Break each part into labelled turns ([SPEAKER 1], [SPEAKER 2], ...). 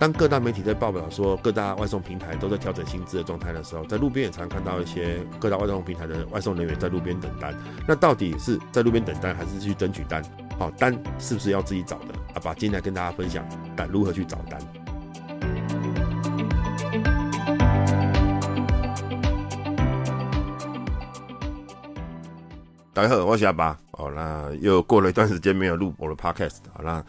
[SPEAKER 1] 當各大媒體在報導說，各大外送平台都在調整薪資的狀態的時候，在路邊也常看到一些各大外送平台的外送人員在路邊等單。那到底是在路邊等單，還是去爭取單？好，單是不是要自己找的？阿拔今天來跟大家分享該如何去找單。大家好，我是阿拔。好、哦、了，那又過了一段時間沒有錄我的 Podcast，好啦。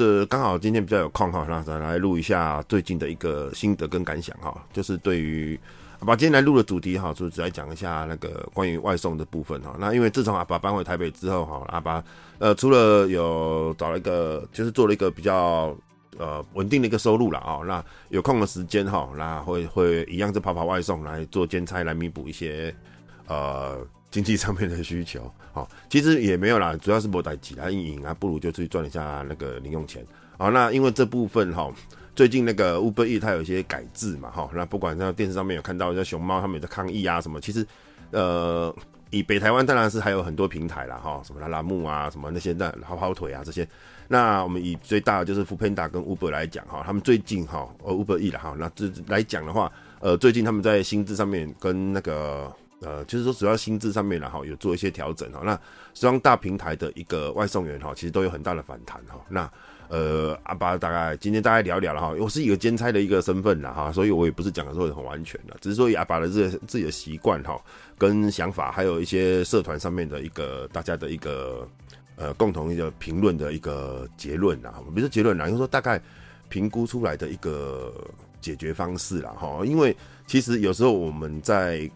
[SPEAKER 1] 是，剛好今天比較有空哈，那再來錄一下最近的一個心得跟感想哈，就是對於阿拔今天來錄的主題哈，就只來講一下那個關於外送的部分哈。那因為自從阿拔搬回台北之後哈，阿拔呃除了有找了一個，就是做了一個比較呃穩定的一個收入了啊，那有空的時間哈，那會會一樣是跑跑外送來做兼差來彌補一些呃。經濟上面的需求，哈、哦，其實也沒有啦，主要是博彩、其他運營啊，不如就去賺一下那個零用錢，好、哦，那因為這部分哈、哦，最近那個 Uber Eats，它有一些改制嘛，哈、哦，那不管像電視上面有看到，像熊貓他們也在抗議啊什麼，其實，呃，以北台灣當然是還有很多平台啦，哈、哦，什麼拉拉木啊，什麼那些那跑跑腿啊這些，那我們以最大的就是 Foodpanda 跟 Uber 來講哈，他們最近哈，呃、哦、Uber Eats 啦，哈、哦，那這來講的話，呃，最近他們在薪資上面跟那個。呃，就是說主要薪資上面啦，哈，有做一些調整哈。那兩大平台的一個外送員哈，其實都有很大的反彈哈。那呃，阿拔大概今天大概聊一聊了哈。我是一個兼差的一個身份啦哈，所以我也不是講的說很完全的，只是說以阿拔的自己自己的習慣哈，跟想法，還有一些社團上面的一個大家的一個呃共同一個評論的一個結論啦，不是結論啦，就是說大概評估出來的一個解決方式啦哈。因為其實有時候我們在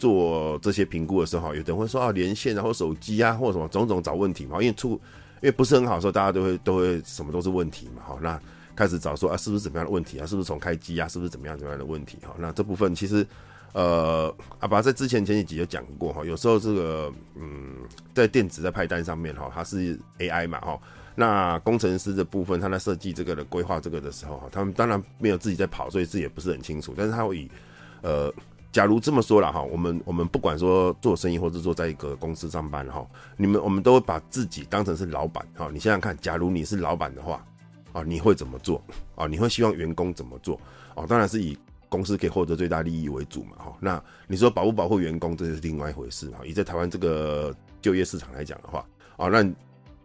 [SPEAKER 1] 做這些評估的時候，有的人會說啊，連線，然後手機啊，或者、啊、什麼種種找問題嘛，因為出因為不是很好的時候，大家都會都會什麼都是問題嘛，哈，那開始找說啊，是不是怎麼樣的問題啊，是不是從開機啊，是不是怎麼樣怎麼樣的問題，哈，那這部分其實，呃，阿、啊、拔在之前前幾集就講過哈，有時候這個嗯，在電子在派單上面哈，它是 AI 嘛，哈、哦，那工程師的部分他在設計這個的規劃這個的時候哈，他們當然沒有自己在跑，所以自己也不是很清楚，但是他會以，呃。假如這麼說了哈，我們我們不管說做生意，或者說在一個公司上班哈，你們我們都會把自己當成是老闆哈。你想想看，假如你是老闆的話，啊，你會怎麼做？啊，你會希望員工怎麼做？哦，當然是以公司可以獲得最大利益為主嘛。哈，那你說保不保護員工，這是另外一回事哈，以在台灣這個就業市場來講的話，啊，那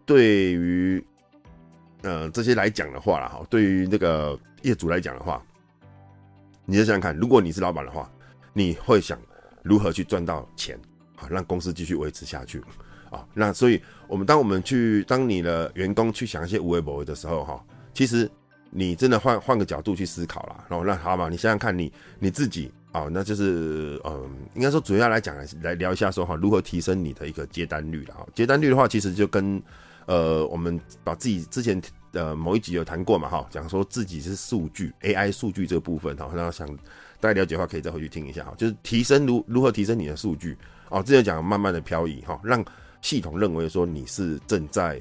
[SPEAKER 1] 對於嗯、呃、這些來講的話啦，哈，對於那個業主來講的話，你就想想看，如果你是老闆的話。你會想如何去賺到錢，啊，讓公司繼續維持下去，啊、哦，那所以我們當我們去當你的員工去想一些無為博的時候，哈、哦，其實你真的換換個角度去思考啦。然後、哦，那好嘛，你想想看你你自己啊、哦，那就是嗯、呃，應該說主要來講來聊一下說哈、哦，如何提升你的一個接單率了啊、哦，接單率的話，其實就跟呃，我們把自己之前。呃，某一集有談過嘛？哈，講說自己是數據 AI 數據這個部分，哈，那想大家了解的話，可以再回去聽一下。哈，就是提升如如何提升你的數據哦，這就講慢慢的漂移哈，讓系統認為說你是正在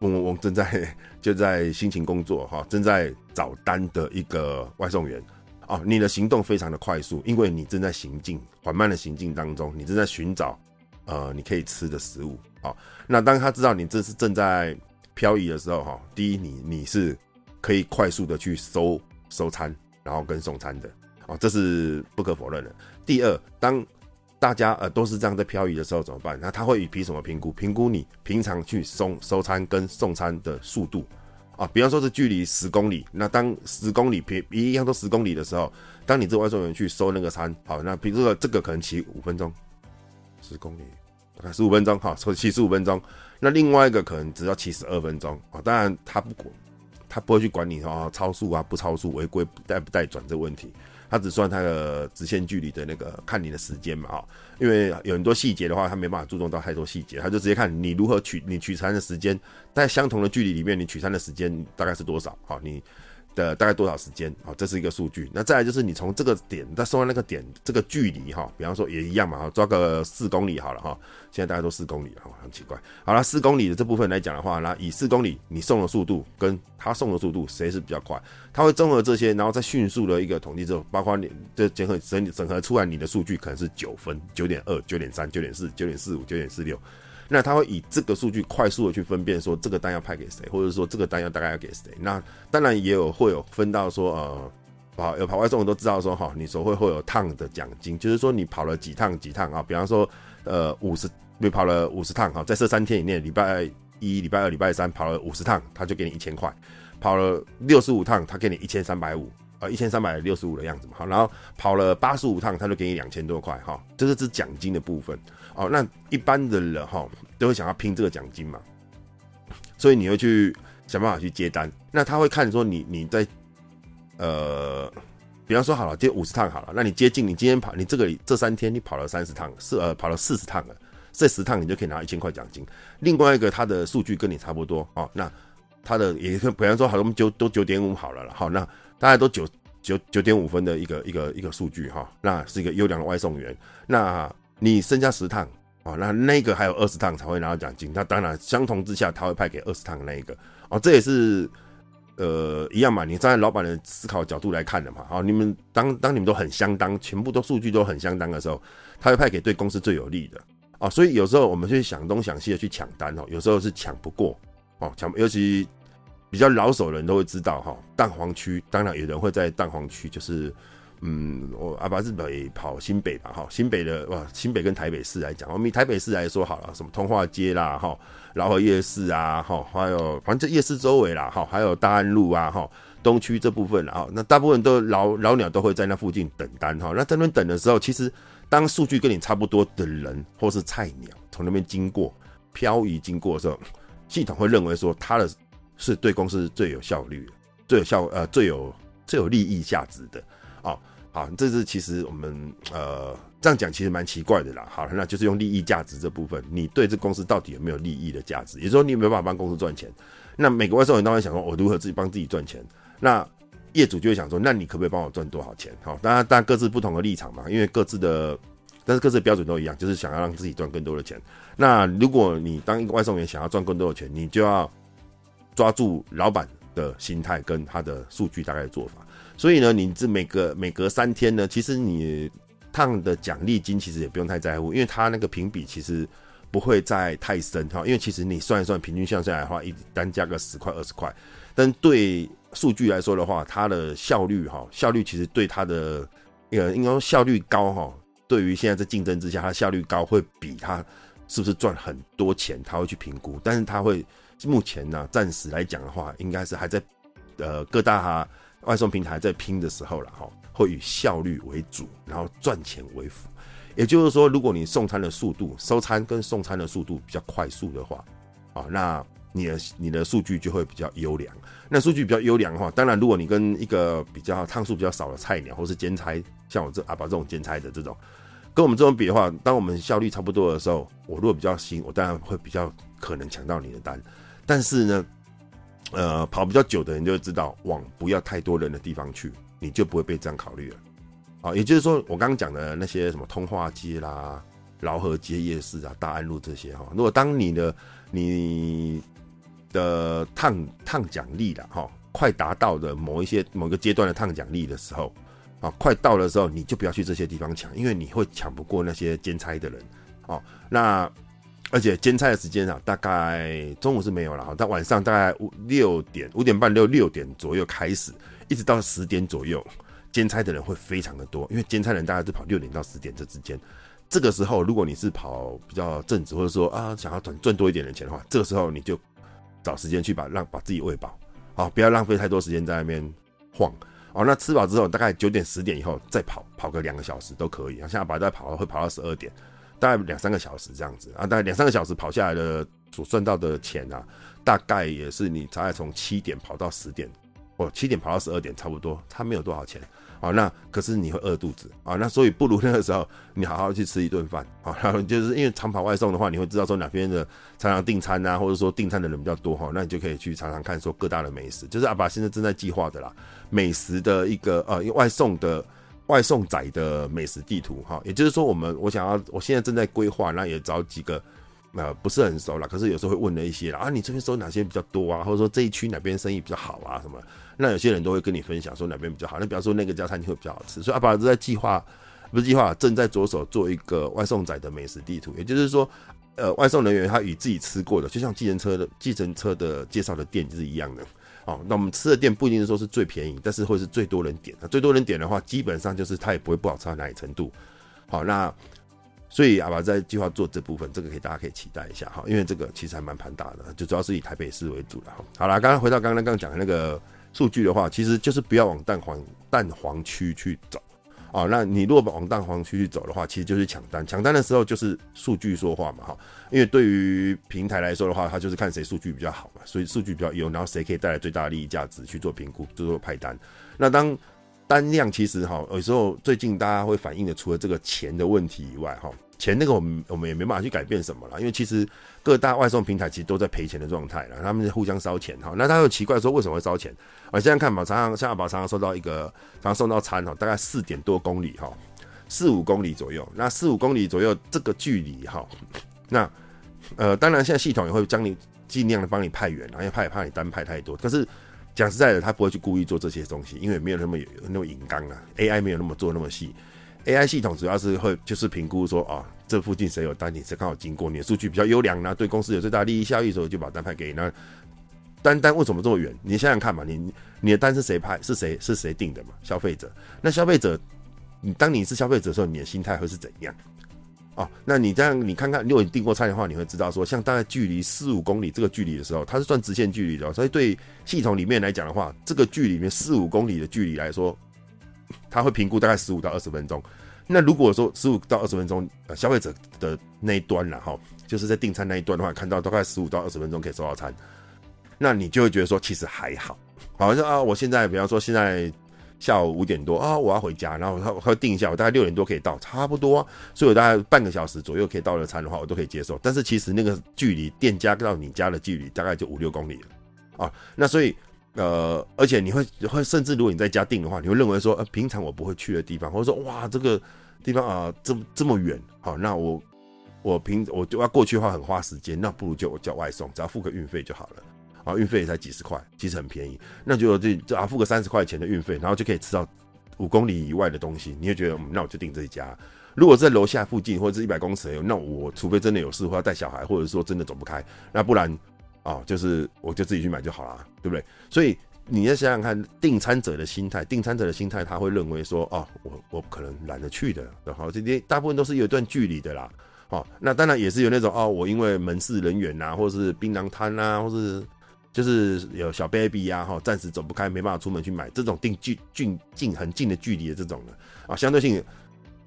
[SPEAKER 1] 嗡嗡嗡正在就在辛勤工作哈，正在找單的一個外送員哦，你的行動非常的快速，因為你正在行進，緩慢的行進當中，你正在尋找呃，你可以吃的食物啊。那當他知道你這是正在。漂移的時候，哈，第一，你你是可以快速的去收收餐，然後跟送餐的，哦，這是不可否認的。第二，當大家呃都是這樣在漂移的時候怎麼辦？那他會以憑什麼評估？評估你平常去收收餐跟送餐的速度啊？比方說是距離十公里，那當十公里平一樣都十公里的時候，當你這外送員去收那個餐，好，那比如說這個可能騎五分鐘，十公里。十五分鐘哈，說七十五分鐘。那另外一個可能只要七十二分鐘啊、哦。當然他不管，他不會去管你哈、哦，超速啊不超速違規帶不帶轉這個問題，他只算他的直線距離的那個看你的時間嘛哈、哦，因為有很多細節的話，他沒辦法注重到太多細節，他就直接看你如何取你取餐的時間，在相同的距離裡面，你取餐的時間大概是多少啊、哦？你。的大概多少時間啊？這是一個數據。那再來就是你從這個點再送到那個點這個距離哈，比方說也一樣嘛，哈，抓個四公里好了哈。現在大家都四公里啊，很奇怪。好了，四公里的這部分來講的話，那以四公里你送的速度跟他送的速度誰是比較快？他會綜合這些，然後再迅速的一個統計之後，包括你這結合整整合出來你的數據可能是九分、九點二、九點三、九點四、九點四五、九點四六。那他會以這個數據快速的去分辨說這個單要派給誰，或者說這個單要大概要給誰。那當然也有會有分到說呃，跑有跑外送的都知道說哈、哦，你手會會有趟的獎金，就是說你跑了幾趟幾趟啊、哦？比方說呃五十，你跑了五十趟哈、哦，在這三天以內，禮拜一、禮拜二、禮拜三跑了五十趟，他就給你一千塊；跑了六十五趟，他給你一千三百五，呃一千三百六十五的樣子嘛。好、哦，然後跑了八十五趟，他就給你兩千多塊哈。哦就是、這是指獎金的部分。哦，那一般的人哈、哦、都會想要拼這個獎金嘛，所以你會去想辦法去接單。那他會看說你你在，呃，比方說好了接五十趟好了，那你接近你今天跑你這個你這三天你跑了三十趟，四呃跑了四十趟了，這十趟你就可以拿一千塊獎金。另外一個他的數據跟你差不多哦，那他的也是比方說好像都九，都九點五好了，我們九都九點五好了了，好，那大家都九九九點五分的一個一個一個數據哈、哦，那是一個優良的外送員那。你剩下十趟啊，那那個還有二十趟才會拿到獎金。那當然相同之下，他會派給二十趟那一個哦，這也是呃一樣嘛。你站在老闆的思考角度來看的嘛，好、哦，你們當當你們都很相當，全部都數據都很相當的時候，他會派給對公司最有利的啊、哦。所以有時候我們去想東想西的去搶單哦，有時候是搶不過哦，搶。尤其比較老手的人都會知道哈，蛋黃區當然有人會在蛋黃區，就是。嗯，我阿拔日本也跑新北吧？哈，新北的哇，新北跟台北市來講，我們台北市來說好了，什麼通化街啦，哈，饒河夜市啊，哈，還有反正夜市周圍啦，哈，還有大安路啊，哈，東區這部分啦，哈，那大部分都老老鳥都會在那附近等單，哈，那在那等的時候，其實當數據跟你差不多的人或是菜鳥從那邊經過漂移經過的時候，系統會認為說他的是對公司最有效率、最有效呃最有最有利益價值的。好、哦、好，這是其實我們呃這樣講其實蠻奇怪的啦。好，那就是用利益價值這部分，你對這公司到底有沒有利益的價值？也就是說，你有沒有辦法幫公司賺錢？那每個外送員當然想說，我如何自己幫自己賺錢？那業主就會想說，那你可不可以幫我賺多少錢？好、哦，大家大家各自不同的立場嘛，因為各自的但是各自的標準都一樣，就是想要讓自己賺更多的錢。那如果你當一個外送員想要賺更多的錢，你就要抓住老闆的心態跟他的數據大概的做法。所以呢，你這每隔每隔三天呢，其實你燙的獎勵金其實也不用太在乎，因為它那個評比其實不會再太深哈。因為其實你算一算平均算下來的話，一單加個十塊二十塊，但對數據來說的話，它的效率哈，效率其實對它的呃應該說效率高哈。對於現在在競爭之下，它效率高會比它是不是賺很多錢，他會去評估。但是它會目前呢、啊，暫時來講的話，應該是還在呃各大哈。外送平台在拼的時候了哈，會以效率為主，然後賺錢為輔。也就是說，如果你送餐的速度、收餐跟送餐的速度比較快速的話，啊，那你的你的數據就會比較優良。那數據比較優良的話，當然如果你跟一個比較趟數比較少的菜鳥或是兼差，像我這阿拔、啊、這種兼差的這種，跟我們這種比的話，當我們效率差不多的時候，我如果比較新，我當然會比較可能搶到你的單。但是呢？呃，跑比較久的人就會知道，往不要太多人的地方去，你就不會被這樣考慮了。好、哦，也就是說，我剛剛講的那些什麼通化街啦、饒河街夜市啊、大安路這些哈、哦，如果當你的你的燙燙獎勵了哈，快達到的某一些某個階段的燙獎勵的時候啊，快到的時候，哦、時候你就不要去這些地方搶，因為你會搶不過那些兼差的人。哦，那。而且兼差的時間啊，大概中午是沒有了哈，到晚上大概五六點、五點半、六六點左右開始，一直到十點左右，兼差的人會非常的多，因為兼差人大概是跑六點到十點這之間，這個時候如果你是跑比較正職，或者說啊想要賺多一點的錢的話，這個時候你就找時間去把讓把自己餵飽，好，不要浪費太多時間在外面晃，好，那吃飽之後大概九點十點以後再跑跑個兩個小時都可以，像阿拔都在跑，會跑到十二點。大概兩三個小時這樣子啊，大概兩三個小時跑下來的所賺到的錢啊，大概也是你大概從七點跑到十點，哦七點跑到十二點，差不多，差沒有多少錢啊、哦。那可是你會餓肚子啊、哦，那所以不如那個時候你好好去吃一頓飯啊。然後就是因為常跑外送的話，你會知道說哪邊的常常訂餐啊，或者說訂餐的人比較多哈、哦，那你就可以去嘗嘗看說各大的美食。就是阿拔現在正在計劃的啦，美食的一個呃，外送的。外送仔的美食地圖，哈，也就是說，我們我想要，我現在正在規劃，那也找幾個，那、呃、不是很熟啦，可是有時候會問了一些啦，啊，你這邊收哪些比較多啊？或者說這一區哪邊生意比較好啊？什麼？那有些人都會跟你分享說哪邊比較好。那比方說那個家餐廳會比較好吃。所以阿拔在計劃，不是計劃，正在着手做一個外送仔的美食地圖。也就是說，呃，外送人員他與自己吃過的，就像計程車的計程車的介紹的店就是一樣的。好、哦，那我們吃的店不一定是說是最便宜，但是會是最多人點。最多人點的話，基本上就是它也不會不好吃到哪裡程度。好、哦，那所以阿拔在計劃做這部分，這個可以大家可以期待一下哈，因為這個其實還蠻龐大的，就主要是以台北市為主的哈。好啦，剛剛回到剛剛剛講的那個數據的話，其實就是不要往蛋黃，蛋黃區去找。啊、哦，那你如果往蛋黃區去走的話，其實就是搶單。搶單的時候就是數據說話嘛，哈。因為對於平台來說的話，他就是看誰數據比較好嘛，所以數據比較優，然後誰可以帶來最大的利益價值去做評估，就做派單。那當單量其實哈，有時候最近大家會反映的，除了這個錢的問題以外，哈，錢那個我們我們也沒辦法去改變什麼啦，因為其實。各大外送平台其實都在賠錢的狀態了，他們是互相燒錢哈、喔。那他又奇怪說為什麼會燒錢我、啊、現在看拔常常，現在拔常常收到一個，常常送到餐、喔，大概四點多公里哈、喔，四五公里左右。那四五公里左右這個距離哈、喔，那呃，當然現在系統也會將你儘量的幫你派遠、啊，因為派怕你單派太多。可是講實在的，他不會去故意做這些東西，因為沒有那麼有那麼硬剛啊。AI 沒有那麼做那麼細，AI 系統主要是會就是評估說啊。喔這附近誰有單？你才剛好經過，你的數據比較優良啊，那對公司有最大利益效益的時候，就把單派給你。那單單為什麼這麼遠？你想想看嘛，你你的單是誰派？是誰是誰訂的嘛？消費者。那消費者，你當你是消費者的時候，你的心態會是怎樣？哦，那你這樣，你看看，如果你訂過餐的話，你會知道說，像大概距離四五公里這個距離的時候，它是算直線距離的，所以對系統裡面來講的話，這個距離裡面四五公里的距離來說，它會評估大概十五到二十分鐘。那如果說十五到二十分鐘，呃，消費者的那一端、啊，然後就是在訂餐那一段的話，看到大概十五到二十分鐘可以收到餐，那你就會覺得說其實還好，好像啊，我現在比方說現在下午五點多啊，我要回家，然後我會訂一下，我大概六點多可以到，差不多、啊，所以我大概半個小時左右可以到的餐的話，我都可以接受。但是其實那個距離店家到你家的距離大概就五六公里了啊，那所以。呃，而且你會會甚至如果你在家訂的話，你會認為說，呃，平常我不會去的地方，或者說，哇，這個地方啊、呃，這麼這麼遠，好，那我我平我就要過去的話很花時間，那不如就我叫外送，只要付個運費就好了，啊，運費也才幾十塊，其實很便宜，那就這只要付個三十塊錢的運費，然後就可以吃到五公里以外的東西，你會覺得、嗯，那我就訂這一家。如果在樓下附近或者是一百公尺，那我除非真的有事或要帶小孩，或者說真的走不開，那不然。哦，就是我就自己去買就好了，對不對？所以你要想想看，訂餐者的心態，訂餐者的心態，他會認為說，哦，我我可能懶得去的，然後今天大部分都是有一段距離的啦，哈、哦，那當然也是有那種，哦，我因為門市人員吶、啊，或是檳榔攤吶、啊，或是就是有小 baby 呀、啊，哈、哦，暫時走不開，沒辦法出門去買，這種定距近近很近，近的距離的這種的啊、哦，相對性。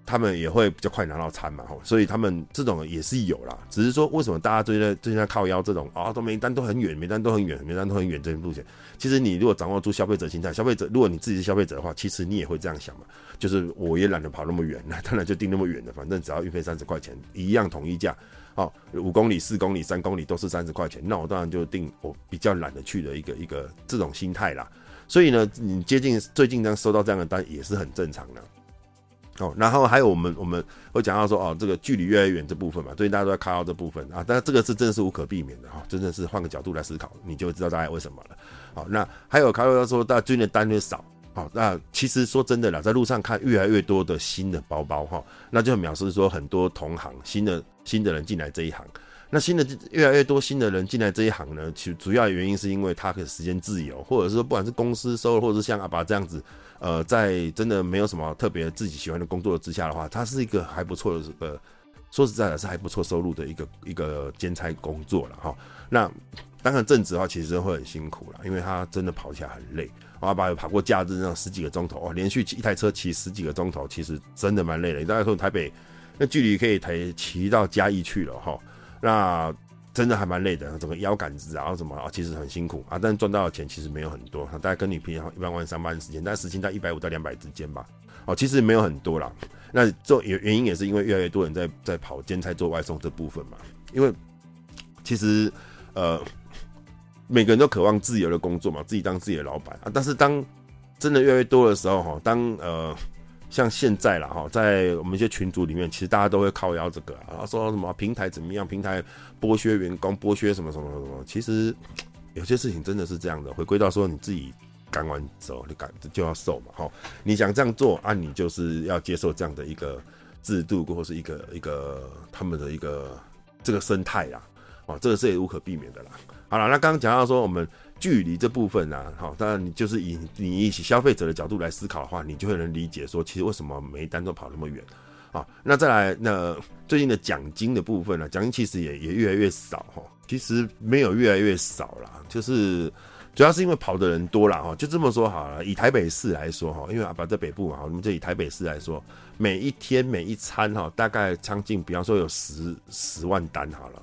[SPEAKER 1] 他們也會比較快拿到餐嘛，吼，所以他們這種也是有啦。只是說，為什麼大家最近最近在靠腰這種啊、哦，都每單都很遠，每單都很遠，每單都很遠這種路線？其實你如果掌握住消費者心態，消費者如果你自己是消費者的話，其實你也會這樣想嘛，就是我也懶得跑那麼遠，那當然就訂那麼遠的，反正只要運費三十塊錢一樣統一價，啊、哦，五公里、四公里、三公里都是三十塊錢，那我當然就訂我比較懶得去的一個一個這種心態啦。所以呢，你接近最近剛收到這樣的單也是很正常的。哦，然後還有我們，我們會講到說，哦，這個距離越來越遠，這部分嘛，最近大家都在看到這部分啊，但這個是真的是無可避免的哈、哦，真的是換個角度來思考，你就知道大概為什麼了。好、哦，那還有看到說，大家最近的單越少，好、哦，那其實說真的啦，在路上看越來越多的新的包包哈、哦，那就表示說很多同行新的新的人進來這一行。那新的越來越多新的人進來這一行呢，其主要的原因是因為他可以時間自由，或者是說不管是公司收入，或者是像阿爸這樣子，呃，在真的沒有什麼特別自己喜歡的工作之下的話，他是一個還不錯的，呃，說實在的是還不錯收入的一個一個兼差工作了哈。那當然正職的話，其實會很辛苦了，因為他真的跑起來很累。阿、啊、爸有跑過假日，那十幾個鐘頭、哦、連續一台車騎十幾個鐘頭，其實真的蠻累的。你大家說台北那距離可以抬騎到嘉義去了哈。那真的還蠻累的，整個腰桿子啊，然後什麼啊，其實很辛苦啊。但賺到的錢其實沒有很多，啊、大概跟你平常一般般上班時間，但時薪在一百五到兩百之間吧。哦、啊，其實沒有很多啦。那這原原因也是因為越來越多人在在跑兼差做外送這部分嘛。因為其實呃，每個人都渴望自由的工作嘛，自己當自己的老闆啊。但是當真的越來越多的時候，哈，當呃。像現在了哈，在我們一些群組裡面，其實大家都會靠腰這個啦，然後說到什麼平台怎麼樣，平台剝削員工，剝削什麼什麼什麼。其實有些事情真的是這樣的。回歸到說你自己幹完之後，你幹就要受嘛哈。你想這樣做按、啊、你就是要接受這樣的一個制度，或是一個一個他們的一個這個生態啦。哦、喔，這個是也無可避免的啦。好了，那剛剛講到說我們。距離這部分呢，好，當然你就是以你一起消費者的角度來思考的話，你就會能理解說，其實為什麼每一單都跑那麼遠，啊，那再來那最近的獎金的部分呢、啊，獎金其實也也越來越少哈，其實沒有越來越少了，就是主要是因為跑的人多了哈，就這麼說好了。以台北市來說哈，因為阿拔在北部嘛，我們就以台北市來說，每一天每一餐哈，大概將近，比方說有十十萬單好了。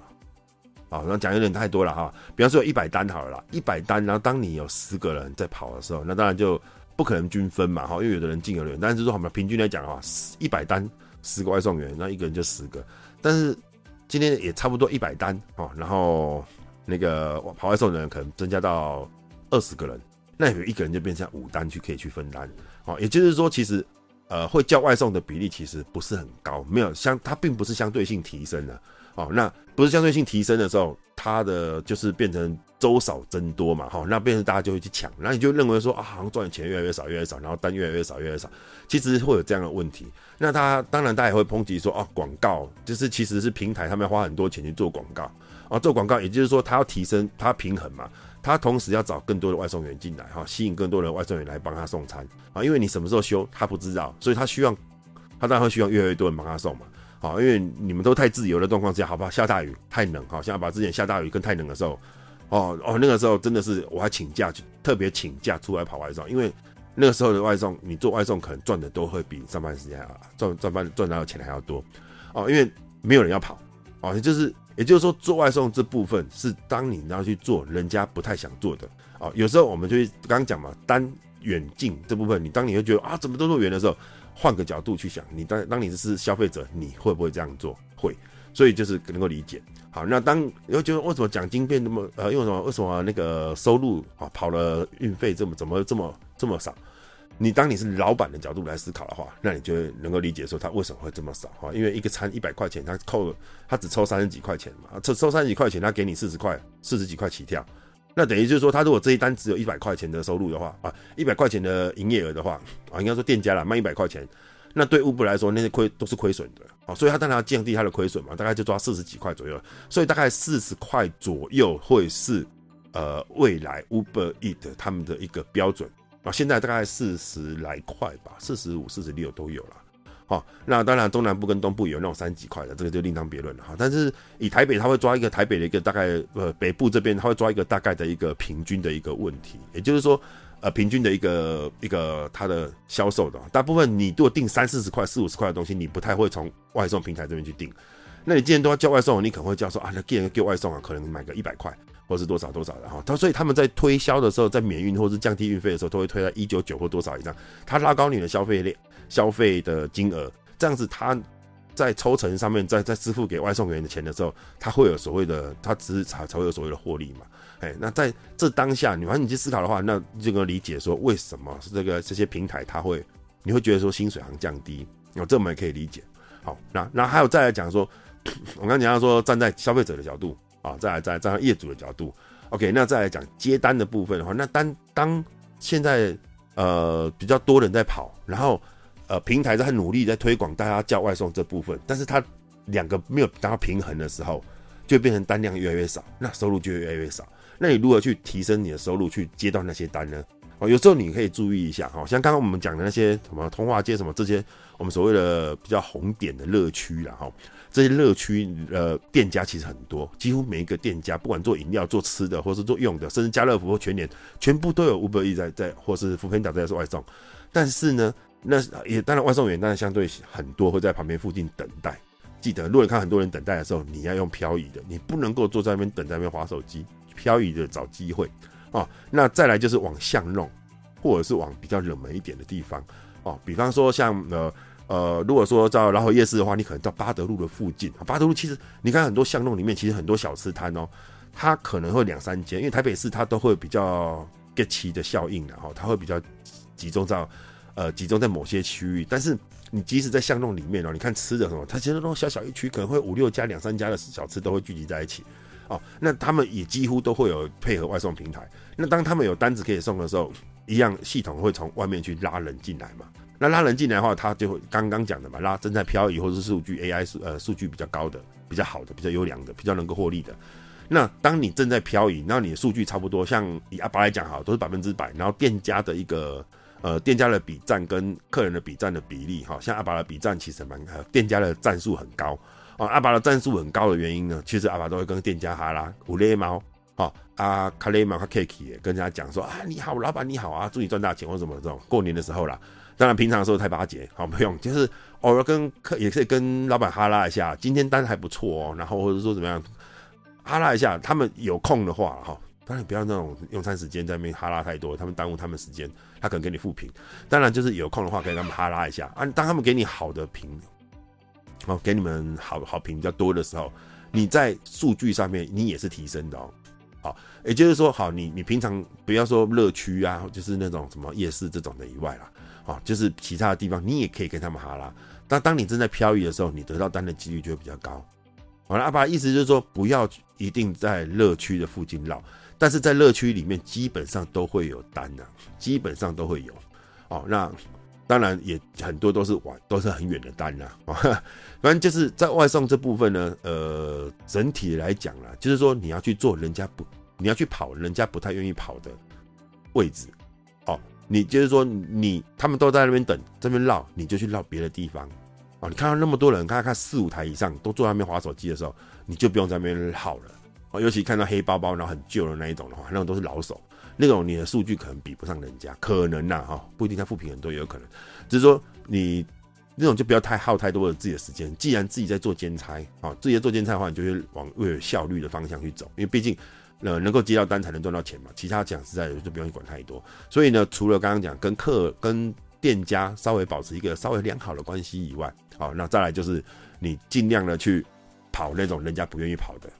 [SPEAKER 1] 啊、哦，那講有點太多了哈。比方說有一百單好了啦，一百單，然後當你有十個人在跑的時候，那當然就不可能均分嘛哈，因為有的人進，有的人。但是說我們平均來講啊，一百單，十個外送員，那一個人就十個。但是今天也差不多一百單啊，然後那個跑外送的人可能增加到二十個人，那有一個人就變成五單去可以去分擔。哦，也就是說，其實呃，會叫外送的比例其實不是很高，沒有相，它並不是相對性提升的。哦，那不是相對性提升的時候，它的就是變成粥少僧多嘛，哈、哦，那變成大家就會去搶，然後你就認為說啊、哦，好像賺的錢越來越少，越來越少，然後單越來越少，越來越少，其實會有這樣的問題。那他當然，大家也會抨擊說啊，廣告、哦，就是其實是平台他們花很多錢去做廣告啊、哦，做廣告也就是說他要提升，他平衡嘛，他同時要找更多的外送員進來哈、哦，吸引更多的外送員來幫他送餐啊、哦，因為你什麼時候休他不知道，所以他希望他當然會希望越來越多人幫他送嘛。啊，因為你們都太自由的狀況之下，好不好？下大雨太冷，好像要把之前下大雨跟太冷的時候，哦哦，那個時候真的是我還請假，特別請假出來跑外送，因為那個時候的外送，你做外送可能賺的都會比上班時間啊賺賺班賺到的錢還要多哦，因為沒有人要跑，哦，就是也就是說做外送這部分是當你要去做，人家不太想做的哦。有時候我們就剛剛講嘛，單遠近這部分，你當你會覺得啊，怎麼都那麼遠的時候。換個角度去想，你當當你是消費者，你會不會這樣做？會，所以就是能夠理解。好，那當又就為什麼獎金變那麼呃？因為什麼為什麼那個收入啊跑了運費這麼怎麼這麼這麼少？你當你是老闆的角度來思考的話，那你就能夠理解說他為什麼會這麼少哈、啊？因為一個餐一百塊錢，他扣他只抽三十幾塊錢嘛，抽抽三十幾塊錢，他給你四十塊、四十幾塊起跳。那等於就是說，他如果這一單只有一百塊錢的收入的話啊，一百塊錢的營業額的話啊，應該說店家啦，賣一百塊錢，那對 Uber 來說那些虧都是虧損的啊，所以他當然要降低他的虧損嘛，大概就抓四十幾塊左右，所以大概四十塊左右會是呃未來 Uber Eats 他們的一個標準啊，現在大概四十來塊吧，四十五、四十六都有了。好、哦，那當然，中南部跟東部有那種三幾塊的，這個就另當別論了哈。但是以台北，他會抓一個台北的一個大概，呃，北部這邊他會抓一個大概的一個平均的一個問題，也就是說，呃，平均的一個一個它的銷售的，大部分你如果訂三四十塊、四五十塊的東西，你不太會從外送平台這邊去訂。那你既然都要叫外送，你可能會叫說啊，那既、個、然叫外送啊，可能買個一百塊或是多少多少的哈。他、哦、所以他們在推銷的時候，在免運或是降低運費的時候，都會推到一九九或多少以上，他拉高你的消費力。消費的金額，這樣子，他在抽成上面再再支付給外送員的錢的時候，他會有所謂的，他只是才才會有所謂的獲利嘛？哎，那在這當下，你反正你去思考的話，那就能理解說，為什麼是這個這些平台他會，你會覺得說薪水好像降低，有、哦、這我們也可以理解。好，那那還有再來講，說我剛講到說站在消費者的角度啊、哦，再來再來站在業主的角度，OK，那再來講接單的部分的話，那當當現在呃比較多人在跑，然後。呃，平台在很努力在推廣大家叫外送這部分，但是它兩個沒有達到平衡的時候，就變成單量越來越少，那收入就越來越少。那你如何去提升你的收入，去接到那些單呢？哦，有時候你可以注意一下哈、哦，像剛剛我們講的那些什麼通話接什麼這些，我們所謂的比較紅點的熱區了哈，這些熱區呃店家其實很多，幾乎每一個店家不管做飲料、做吃的，或是做用的，甚至家樂福或全聯全部都有 Uber Eats 在在，或是 Foodpanda 在做外送，但是呢。那也當然，外送員當然相對很多會在旁邊附近等待。記得，如果你看很多人等待的時候，你要用漂移的，你不能夠坐在那邊等，在那邊滑手機。漂移的找機會、哦、那再來就是往巷弄，或者是往比較冷門一點的地方、哦、比方說像呃呃，如果說到老好夜市的話，你可能到八德路的附近。八德路其實你看很多巷弄裡面，其實很多小吃攤哦，它可能會兩三間，因為台北市它都會比較 get 齊的效應然後，它會比較集中到。呃，集中在某些區域，但是你即使在巷弄裡面哦，你看吃的什麼，它其實都小小一區，可能會五六家、兩三家的小吃都會聚集在一起，哦，那他們也幾乎都會有配合外送平台。那當他們有單子可以送的時候，一樣系統會從外面去拉人進來嘛。那拉人進來的話，它就會剛剛講的嘛，拉正在漂移，或是數據 AI 數呃數據比較高的、比較好的、比較優良的、比較能夠獲利的。那當你正在漂移，那你的數據差不多，像以阿拔來講好，都是百分之百，然後店家的一個。呃，店家的比讚跟客人的比讚的比例，哈，像阿拔的比讚其實蠻，呃，店家的讚數很高啊。阿拔的讚數很高的原因呢，其實阿拔都會跟店家哈拉，五雷貓，哈，啊，卡雷貓，卡 Kicky，跟人家講說啊，你好，老闆你好啊，祝你賺大錢或什麼這種。過年的時候啦，當然平常的時候太巴結，好、哦、沒用，就是偶爾跟客，也可以跟老闆哈拉一下，今天單還不錯哦，然後或者說怎麼樣，哈拉一下，他們有空的話，哈、哦。當然不要那種用餐時間在那邊哈拉太多，他們耽誤他們時間，他可能給你負評。當然就是有空的話可以讓他們哈拉一下啊。當他們給你好的評，哦、喔、給你們好好評比較多的時候，你在數據上面你也是提升的哦、喔。好、喔，也、欸、就是說，好你你平常不要說熱區啊，就是那種什麼夜市這種的以外啦，好、喔，就是其他的地方你也可以跟他們哈拉。但當你正在飄移的時候，你得到單的幾率就會比較高。好了，阿拔的意思就是說，不要一定在熱區的附近繞。但是在熱區裡面，基本上都會有單的、啊，基本上都會有，哦，那當然也很多都是玩，都是很遠的單哈、啊哦，反正就是在外送這部分呢，呃，整體來講啦，就是說你要去做人家不，你要去跑人家不太願意跑的位置，哦，你就是說你他們都在那邊等，這邊繞，你就去繞別的地方，哦，你看到那麼多人，看看四五台以上都坐在那邊滑手機的時候，你就不用在那邊繞了。哦，尤其看到黑包包，然後很舊的那一種的話，那種都是老手，那種你的數據可能比不上人家，可能吶、啊、哈，不一定他負評很多也有可能，只是說你那種就不要太耗太多的自己的時間，既然自己在做兼差啊，自己在做兼差的話，你就會往越有效率的方向去走，因為畢竟呃能夠接到單才能賺到錢嘛，其他講實在的就不用你管太多。所以呢，除了剛剛講跟客跟店家稍微保持一個稍微良好的關係以外，好，那再來就是你儘量的去跑那種人家不願意跑的。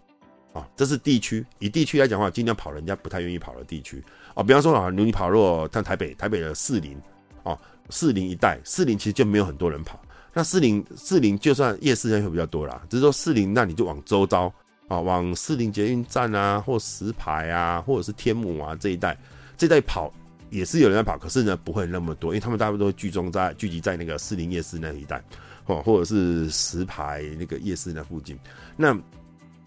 [SPEAKER 1] 啊，這是地區，以地區來講的話，盡量跑人家不太願意跑的地區啊、哦。比方說啊，如果你跑若像台北，台北的士林啊、哦，士林一帶，士林其實就沒有很多人跑。那士林，士林就算夜市人會比較多啦。只是說士林，那你就往周遭，啊、哦，往士林捷運站啊，或石牌啊，或者是天母啊這一帶，這一帶跑也是有人在跑，可是呢不會那麼多，因為他們大部分都聚中在聚集在那個士林夜市那一帶，哦，或者是石牌那個夜市那附近，那。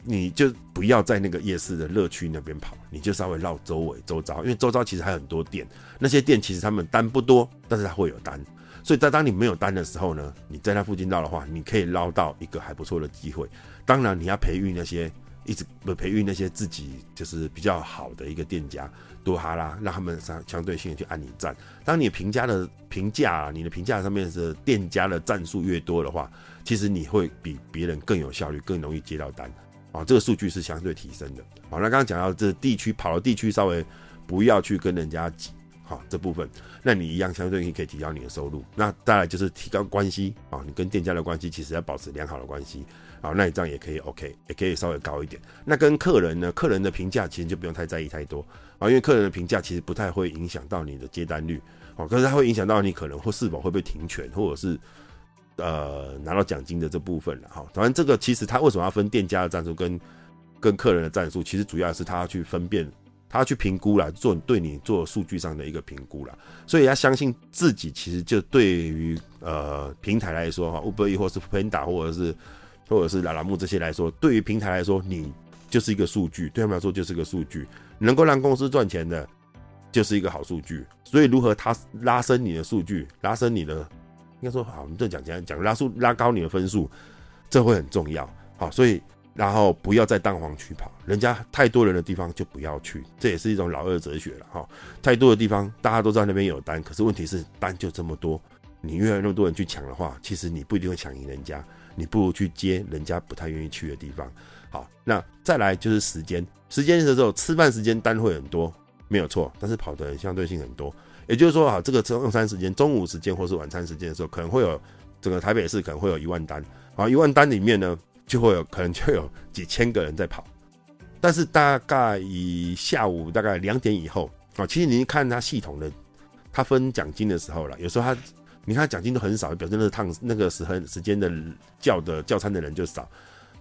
[SPEAKER 1] 你就不要在那個夜市的熱區那邊跑，你就稍微繞周圍周遭，因為周遭其實還有很多店，那些店其實他們單不多，但是他會有單。所以在當你沒有單的時候呢，你在那附近繞的話，你可以撈到一個還不錯的機會。當然你要培育那些一直不培育那些自己就是比較好的一個店家多哈啦，讓他們相相對性的去按你站。當你評價的評價、啊，你的評價上面是店家的站數越多的話，其實你會比別人更有效率，更容易接到單。啊、哦，這個數據是相對提升的。好、哦，那剛剛講到這地區跑的地區，稍微不要去跟人家擠。好、哦，這部分，那你一樣相對你可以提高你的收入。那再來就是提高關係啊、哦，你跟店家的關係其實要保持良好的關係。好、哦，那你這樣也可以 OK，也可以稍微高一點。那跟客人呢，客人的評價其實就不用太在意太多啊、哦，因為客人的評價其實不太會影響到你的接單率。好、哦，可是它會影響到你可能或是否會被停權，或者是。呃，拿到獎金的這部分了哈。反正這個其實他為什麼要分店家的戰術跟跟客人的戰術，其實主要是他要去分辨，他要去評估啦，做對你做數據上的一個評估了。所以要相信自己，其實就對於呃平台來說哈，Uber Eats 或是 Panda 或者是或者是 Lalamove 這些來說，對於平台來說，你就是一個數據，對他們來說就是一個數據，能夠讓公司賺錢的，就是一個好數據。所以如何他拉伸你的數據，拉伸你的。應該說，好，我們這講講講拉速拉高你的分數，這會很重要，好，所以然後不要在蛋黃區跑，人家太多人的地方就不要去，這也是一種老二哲學了，哈、哦，太多的地方大家都知道那邊有單，可是問題是單就這麼多，你越來那麼多人去搶的話，其實你不一定會搶贏人家，你不如去接人家不太願意去的地方，好，那再來就是時間，時間的時候吃飯時間單會很多，沒有錯，但是跑的人相對性很多。也就是說，哈，這個中用餐時間、中午時間或是晚餐時間的時候，可能會有整個台北市可能會有一萬單。好，一萬單裡面呢，就會有可能就有幾千個人在跑。但是大概以下午大概兩點以後，啊，其實你看它系統的，它分獎金的時候了。有時候它，你看獎金都很少，表示那個趟，那個時很時間的叫的叫餐的人就少。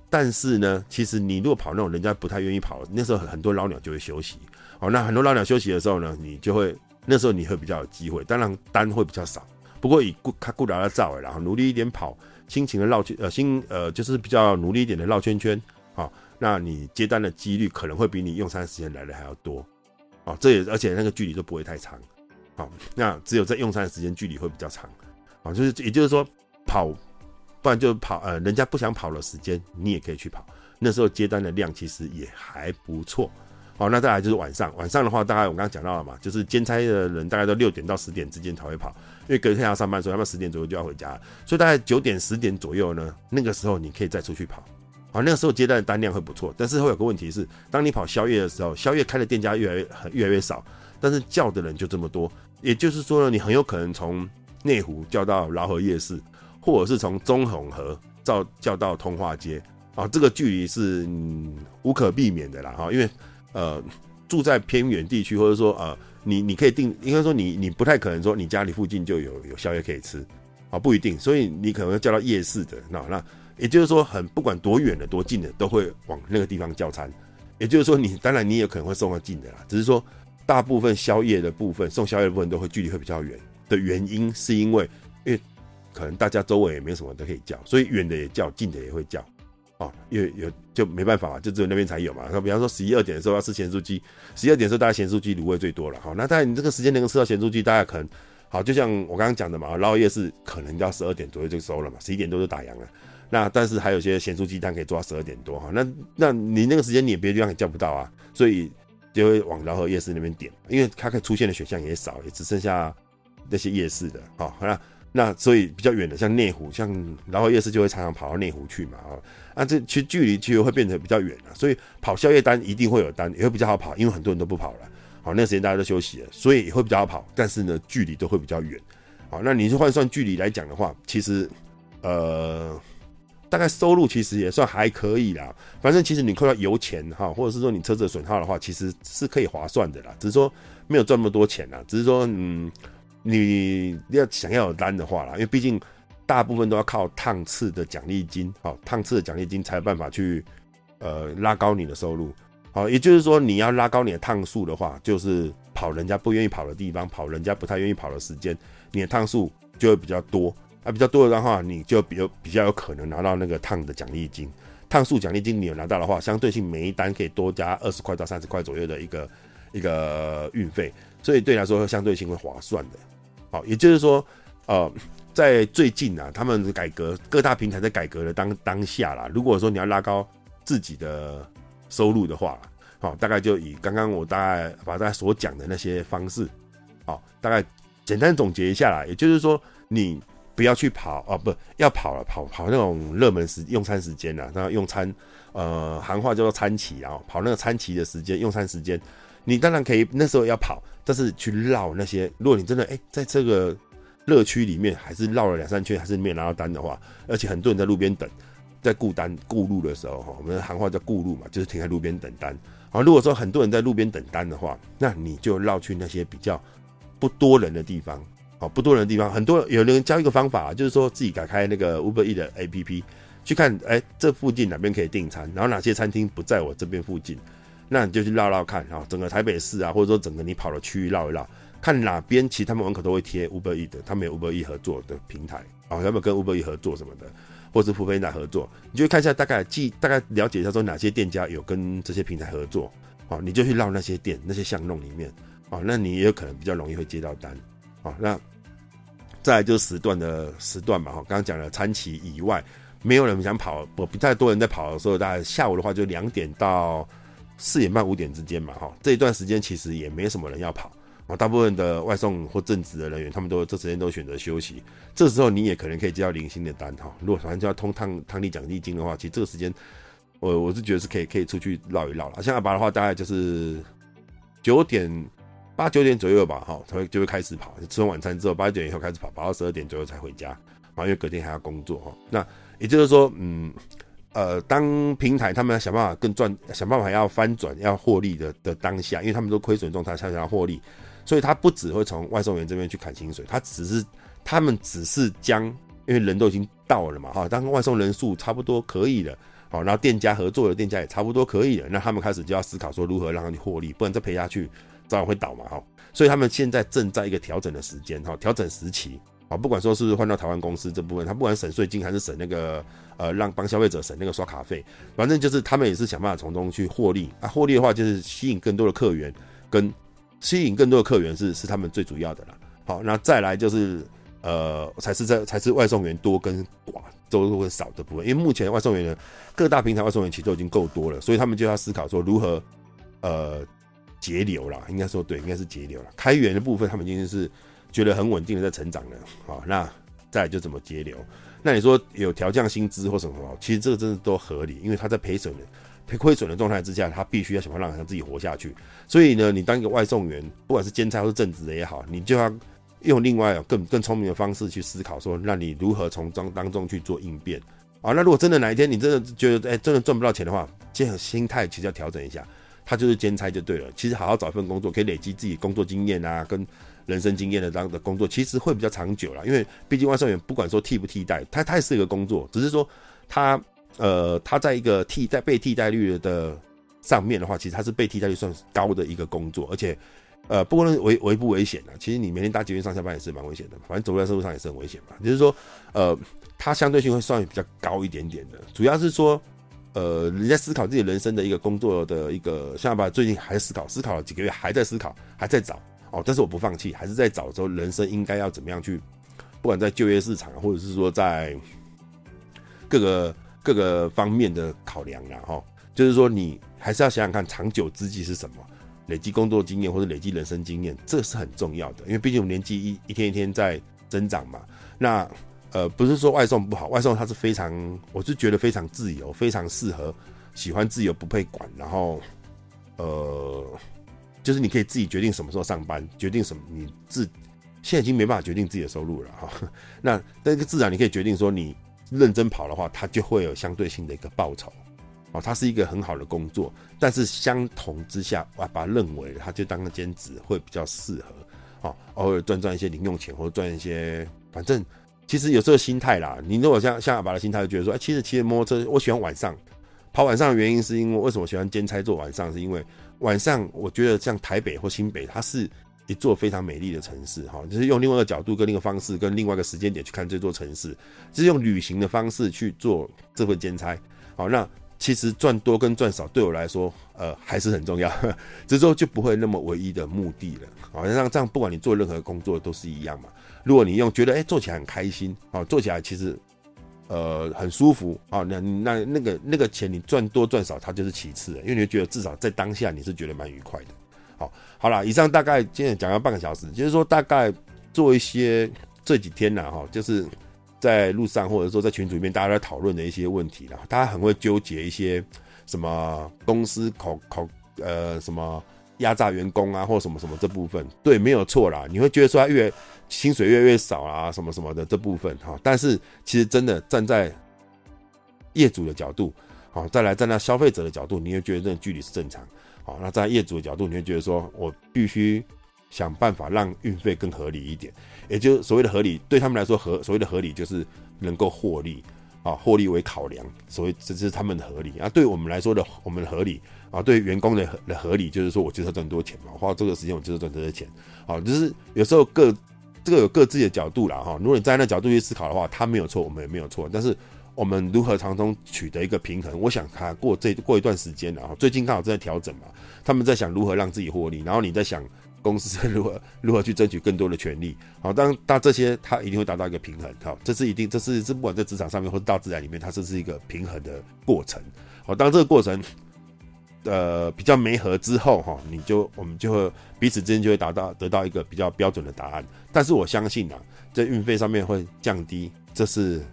[SPEAKER 1] 但是呢，其實你如果跑那種人家不太願意跑，那時候很多老鳥就會休息。哦，那很多老鳥休息的時候呢，你就會。那時候你會比較有機會，當然單會比較少，不過以顧開顧聊的造、欸、然後努力一點跑，辛勤的繞圈呃辛，呃，呃就是比較努力一點的繞圈圈好、哦，那你接單的幾率可能會比你用餐的時間來的還要多，好、哦，這也而且那個距離都不會太長，好、哦、那只有在用餐的時間距離會比較長，啊、哦、就是也就是說跑，不然就跑呃人家不想跑的時間你也可以去跑，那時候接單的量其實也還不錯。好，那再來就是晚上。晚上的話，大概我剛剛講到了嘛，就是兼差的人大概都六點到十點之間才會跑，因為隔天要上班的時候，他們十點左右就要回家了。所以大概九點、十點左右呢，那個時候你可以再出去跑。啊，那個時候接待的單量會不錯，但是會有個問題是，當你跑宵夜的時候，宵夜開的店家越來越，越來越少，但是叫的人就這麼多。也就是說呢，你很有可能從內湖叫到饒河夜市，或者是從中紅河叫叫到通化街。啊，這個距離是，嗯，無可避免的啦，哈，因為。呃，住在偏遠地區，或者說呃你你可以定，應該說你你不太可能說你家裡附近就有有宵夜可以吃啊，不一定，所以你可能會叫到夜市的。那那也就是說很，很不管多遠的多近的，都會往那個地方叫餐。也就是說你，你當然你也可能會送到近的啦，只是說大部分宵夜的部分，送宵夜的部分都會距離會比較遠的原因，是因為因為可能大家周圍也沒什麼都可以叫，所以遠的也叫，近的也會叫。哦，有有就沒辦法就只有那邊才有嘛。那比方說十一二點的時候要吃鹹酥雞，十一二點的時候大家鹹酥雞滷味最多了哈、哦。那當然你這個時間能夠吃到鹹酥雞，大家可能好，就像我剛剛講的嘛，饒河夜市可能到十二點左右就收了嘛，十一點多就打烊了。那但是還有些鹹酥雞攤可以做到十二點多哈、哦。那那你那個時間你也別的地方也叫不到啊，所以就會往饒河夜市那邊點，因為它可以出現的選項也少，也只剩下那些夜市的哈。好、哦、了。那那所以比較遠的，像內湖，像然後夜市就會常常跑到內湖去嘛啊，那這其實距離就會變成比較遠了，所以跑宵夜單一定會有單，也會比較好跑，因為很多人都不跑了，好，那時間大家都休息了，所以也會比較好跑，但是呢，距離都會比較遠，好，那你去換算距離來講的話，其實呃，大概收入其實也算還可以啦，反正其實你扣到油錢哈，或者是說你車子的損耗的話，其實是可以划算的啦，只是說沒有賺那麼多錢啦，只是說嗯。你要想要有單的話啦，因為畢竟大部分都要靠趟次的獎勵金，好，趟次的獎勵金才有辦法去呃拉高你的收入，好，也就是說你要拉高你的趟數的話，就是跑人家不願意跑的地方，跑人家不太願意跑的時間，你的趟數就會比較多，啊，比較多的話，你就比較比較有可能拿到那個趟的獎勵金，趟數獎勵金你有拿到的話，相對性每一單可以多加二十塊到三十塊左右的一個一個運費，所以對來說相對性會划算的。好，也就是說，呃，在最近啊，他們改革各大平台在改革的當當下啦，如果說你要拉高自己的收入的話，好、哦，大概就以剛剛我大概把大家所講的那些方式，好、哦，大概簡單總結一下啦。也就是說，你不要去跑啊、哦，不要跑了，跑跑那種熱門時用餐時間啦，那用餐呃行話叫做餐期啊，跑那個餐期的時間，用餐時間。你當然可以，那時候要跑，但是去繞那些。如果你真的、欸、在這個熱區裡面還是繞了兩三圈，還是沒有拿到單的話，而且很多人在路邊等，在顧單顧路的時候，哈，我們的行話叫顧路嘛，就是停在路邊等單。好，如果說很多人在路邊等單的話，那你就繞去那些比較不多人的地方。好，不多人的地方，很多人有人教一個方法，就是說自己改開那個 Uber Eats 的 A P P 去看，哎、欸，這附近哪邊可以訂餐，然後哪些餐廳不在我這邊附近。那你就去繞繞看啊，整個台北市啊，或者說整個你跑的區域繞一繞，看哪邊其實他們門口都會貼 Uber Eats 的，他們有 Uber Eats 合作的平台啊，哦，他們跟 Uber Eats 合作什麼的，或是 Foodpanda 合作，你就看一下大概，記大概了解一下說哪些店家有跟這些平台合作啊，哦，你就去繞那些店，那些巷弄裡面啊，哦，那你也有可能比較容易會接到單啊，哦。那再來就是時段的時段嘛，哈，哦，剛剛講了餐期以外，沒有人想跑不，不太多人在跑的時候，大概下午的話就兩點到。四點半五點之間嘛，哈，這一段時間其實也沒什麼人要跑啊，大部分的外送或正職的人員，他們都這時間都選擇休息。這時候你也可能可以接到零星的單，哈。如果反正就要通趟趟力獎勵金的話，其實這個時間，我我是覺得是可以可以出去繞一繞了。像阿拔的話，大概就是九點八九點左右吧，哈，才會就會開始跑，吃完晚餐之後八九點以後開始跑，跑到十二點左右才回家，然後因為隔天還要工作，哈。那也就是說，嗯。呃，當平台他們想辦法更賺，想辦法要翻轉要獲利的的當下，因為他們都虧損狀態才想要獲利，所以他不只會從外送員這邊去砍薪水，他只是他們只是將，因為人都已經到了嘛哈，當外送人數差不多可以了，好，然後店家合作的店家也差不多可以了，那他們開始就要思考說如何讓他去獲利，不然再賠下去早晚會倒嘛哈，所以他們現在正在一個調整的時間哈，調整時期啊，不管說是不是換到台灣公司這部分，他不管省稅金還是省那個。呃，讓幫消費者省那個刷卡費，反正就是他們也是想辦法從中去獲利啊。獲利的話，就是吸引更多的客源，跟吸引更多的客源是是他們最主要的啦。好，那再來就是呃，才是在才是外送員多跟寡都，都會少的部分。因為目前外送員呢，各大平台外送員其實都已經夠多了，所以他們就要思考說如何呃節流了。應該說對，應該是節流了。開源的部分他們已經是覺得很穩定的在成長了。好，那再來就怎麼節流？那你說有調降薪資或什麼？其實這個真的都合理，因為他在賠損的賠虧損的狀態之下，他必須要想辦法讓他自己活下去。所以呢，你當一個外送員，不管是兼差或是正職的也好，你就要用另外更更聰明的方式去思考說，說，那你如何從中當中去做應變啊？那如果真的哪一天你真的覺得誒、欸，真的賺不到錢的話，這樣心態其實要調整一下，他就是兼差就對了。其實好好找一份工作，可以累積自己工作經驗啊，跟。人生經驗的當的工作其實會比較長久了，因為畢竟外送員不管說替不替代，它也是一個工作，只是說它呃它在一個替代被替代率的上面的話，其實它是被替代率算是高的一個工作，而且呃，不過呢，危危不危險啊？其實你每天搭捷運上下班也是蠻危險的，反正走在社會上也是很危險嘛，就是說呃它相對性會算比較高一點點的，主要是說呃人家思考自己人生的一個工作的一個，像阿拔最近還在思考，思考了幾個月，還在思考，還在找。哦，但是我不放棄，還是在找的時候，人生應該要怎麼樣去，不管在就業市場，或者是說在各個各個方面的考量然後、哦、就是說你還是要想想看長久之計是什麼，累積工作經驗或者累積人生經驗，這是很重要的，因為畢竟我們年紀一一天一天在增長嘛。那呃，不是說外送不好，外送它是非常，我是覺得非常自由，非常適合喜歡自由不被管，然後呃。就是你可以自己決定什麼時候上班，決定什麼你自，現在已經沒辦法決定自己的收入了哈、哦。那，但是自然你可以決定說，你認真跑的話，它就會有相對性的一個報酬，哦，它是一個很好的工作。但是相同之下，我，把它認為它就當個兼職會比較適合，哦，偶爾賺賺一些零用錢或者賺一些，反正其實有時候心態啦，你如果像像阿拔的心態，就覺得說，哎、欸，其實騎着摩托車，我喜歡晚上跑，晚上的原因是因為為什麼我喜歡兼差做晚上，是因為。晚上，我覺得像台北或新北，它是一座非常美麗的城市，哈，就是用另外一個角度、跟另一個方式、跟另外一個時間點去看這座城市，就是用旅行的方式去做這份兼差，好，那其實賺多跟賺少對我來說，呃，還是很重要，這時 候就不會那麼唯一的目的了，好，像這樣不管你做任何工作都是一樣嘛，如果你用覺得哎、欸、做起來很開心，好，做起來其實。呃，很舒服啊、哦，那那那個那個錢你賺多賺少，它就是其次的，因為你會覺得至少在當下你是覺得蠻愉快的。好、哦，好了，以上大概今天講了半個小時，就是說大概做一些這幾天呢，哈、哦，就是在路上或者說在群組裡面大家在討論的一些問題啦，大家很會糾結一些什麼公司考考呃什麼壓榨員工啊，或什麼什麼這部分，對，沒有錯啦，你會覺得說越。薪水越來越少啊，什麼什麼的這部分哈，但是其實真的站在業主的角度，好，再來站在消費者的角度，你會覺得這距離是正常，好，那在業主的角度，你會覺得說我必須想辦法讓運費更合理一點，也就是所謂的合理，對他們來說合所謂的合理就是能夠獲利啊，獲利為考量，所以這是他們的合理啊。對我們來說的，我們的合理啊，對員工的的合理就是說，我就是要賺多錢嘛，花這個時間我就是賺這些錢，好，就是有時候各。這個有各自的角度了哈，如果你站在那角度去思考的話，他沒有錯，我們也沒有錯。但是我們如何從中取得一個平衡？我想他過這過一段時間了、啊、哈，最近剛好正在調整嘛，他們在想如何讓自己獲利，然後你在想公司如何如何去爭取更多的權利。好，當當這些他一定會達到一個平衡。好，這是一定，這是這不管在職場上面或者大自然裡面，它這是一個平衡的過程。好，當這個過程。呃，比較媒合之後哈，你就我們就會彼此之間就會達到得到一個比較標準的答案。但是我相信啊，在運費上面會降低，這是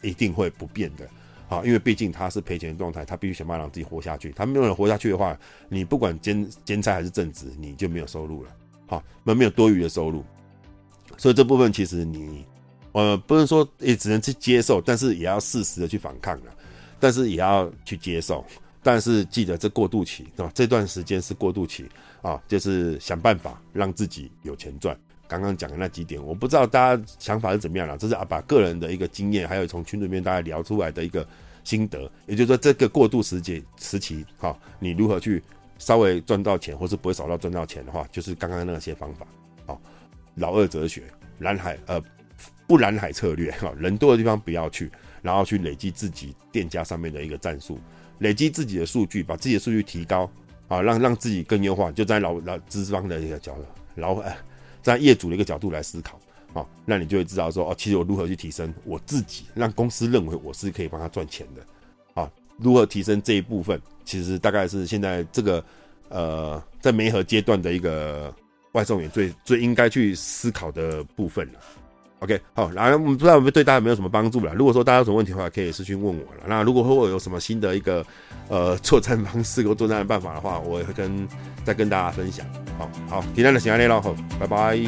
[SPEAKER 1] 一定會不變的啊。因為畢竟他是賠錢的狀態，他必須想辦法讓自己活下去。他沒有人活下去的話，你不管兼兼差還是正職，你就沒有收入了。好，那沒有多餘的收入，所以這部分其實你呃，不是說也只能去接受，但是也要適時的去反抗了，但是也要去接受。但是記得這過渡期啊、哦，這段時間是過渡期啊、哦，就是想辦法讓自己有錢賺。剛剛講的那幾點，我不知道大家想法是怎麼樣了。這是阿拔個人的一個經驗，還有從群裡面大家聊出來的一個心得。也就是說，這個過渡時節時期哈、哦，你如何去稍微賺到錢，或是不會少到賺到錢的話，就是剛剛那些方法啊、哦，老二哲學、藍海呃，不藍海策略哈、哦，人多的地方不要去，然後去累積自己店家上面的一個戰術。累積自己的數據，把自己的數據提高啊，讓讓自己更優化，就在老老資方的一個角度，老在業主的一個角度來思考啊，那你就會知道說哦，其實我如何去提升我自己，讓公司認為我是可以幫他賺錢的啊，如何提升這一部分，其實大概是現在這個呃在磨合階段的一個外送員最最應該去思考的部分了。OK，好，然後我不知道我們對大家有沒有什麼幫助了。如果說大家有什麼問題的話，可以私信問我了。那如果我有什麼新的一個呃作戰方式或作戰的辦法的話，我也會跟再跟大家分享。好，好，今天的節目內容嘍，拜拜。